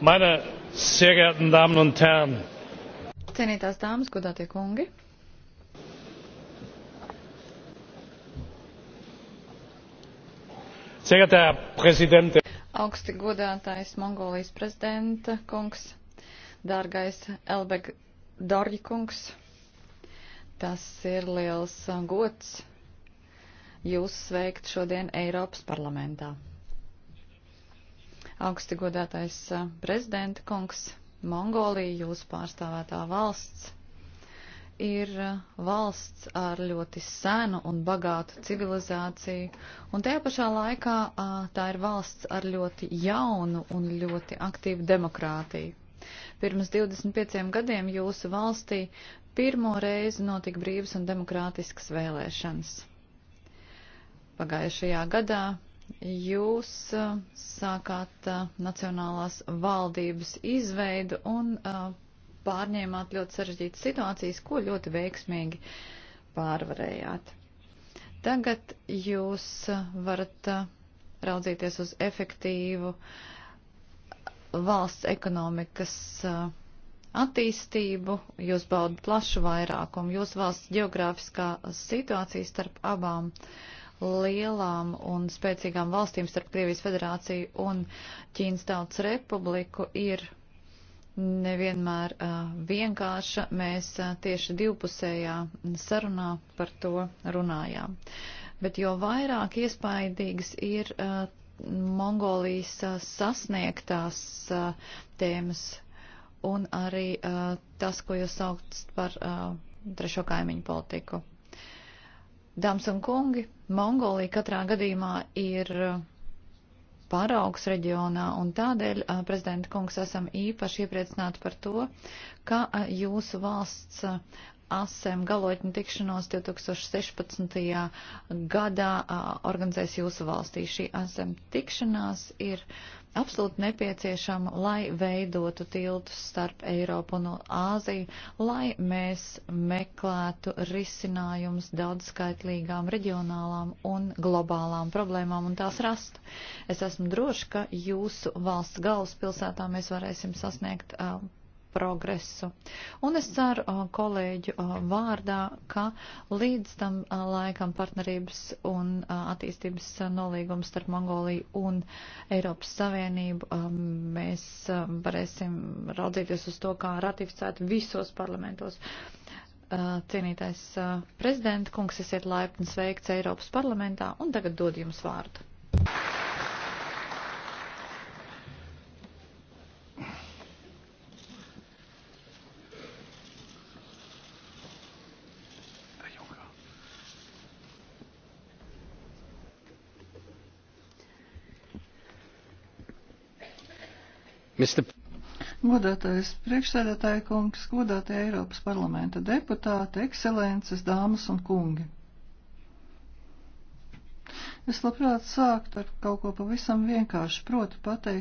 meine sehr geehrten Damen und Herren! Cienītās dāmas, godātie kungi! Sehr geehrter Herr Präsident! Augsti godātais Mongolijas prezidenta kungs! Dārgais Elbeg Dorģikungs, tas ir liels gods jūs sveikt šodien Eiropas parlamentā. Augsti godātais eh, prezidenta kungs, Mongolija, jūsu pārstāvētā valsts, ir eh, valsts ar ļoti senu un bagātu civilizāciju, un tajā pašā laikā eh, tā ir valsts ar ļoti jaunu un ļoti aktīvu demokrātiju. Pirms 25 gadiem jūsu valstī pirmo reizi notika brīvas un demokrātiskas vēlēšanas. Pagājušajā gadā jūs uh, sākāt uh, Nacionālās valdības izveidu un uh, pārņēmāt ļoti sarežģītas situācijas, ko ļoti veiksmīgi pārvarējāt. Tagad jūs varat raudzīties uz efektīvu uh, valsts ekonomikas uh, attīstību, jūs baudat plašu vairākumu, jūs valsts geogrāfiskā situācija starp abām lielām un spēcīgām valstīm starp Krievijas federāciju un Ķīnas tautas republiku ir nevienmēr uh, vienkārša. Mēs uh, tieši divpusējā sarunā par to runājām. Bet jo vairāk iespaidīgas ir uh, Mongolijas sasniegtās tēmas un arī tas, ko jūs saukt par trešo kaimiņu politiku. Dāmas un kungi, Mongolija katrā gadījumā ir paraugs reģionā, un tādēļ, prezidenta kungs, esam īpaši iepriecināti par to, ka jūsu valsts ASEM galotņu tikšanos 2016. gadā organizēs jūsu valstī. Šī ASEM tikšanās ir absolūti nepieciešama, lai veidotu tiltus starp Eiropu un Āziju, lai mēs meklētu risinājumus daudzskaitlīgām reģionālām un globālām problēmām un tās rast. Es esmu droši, ka jūsu valsts galvaspilsētā mēs varēsim sasniegt uh, progresu. Un es ceru kolēģu vārdā, ka līdz tam laikam partnerības un attīstības nolīgums starp Mongoliju un Eiropas Savienību mēs varēsim raudzīties uz to, kā ratificēt visos parlamentos. Cienītais prezidenta kungs, esiet laipni sveikts Eiropas parlamentā un tagad dod jums vārdu. Mr. Godātais priekšsēdētāja kungs, godātie Eiropas parlamenta deputāti, ekscelences, dāmas un kungi. Es labprāt sāktu ar kaut ko pavisam vienkāršu, protu pateikt,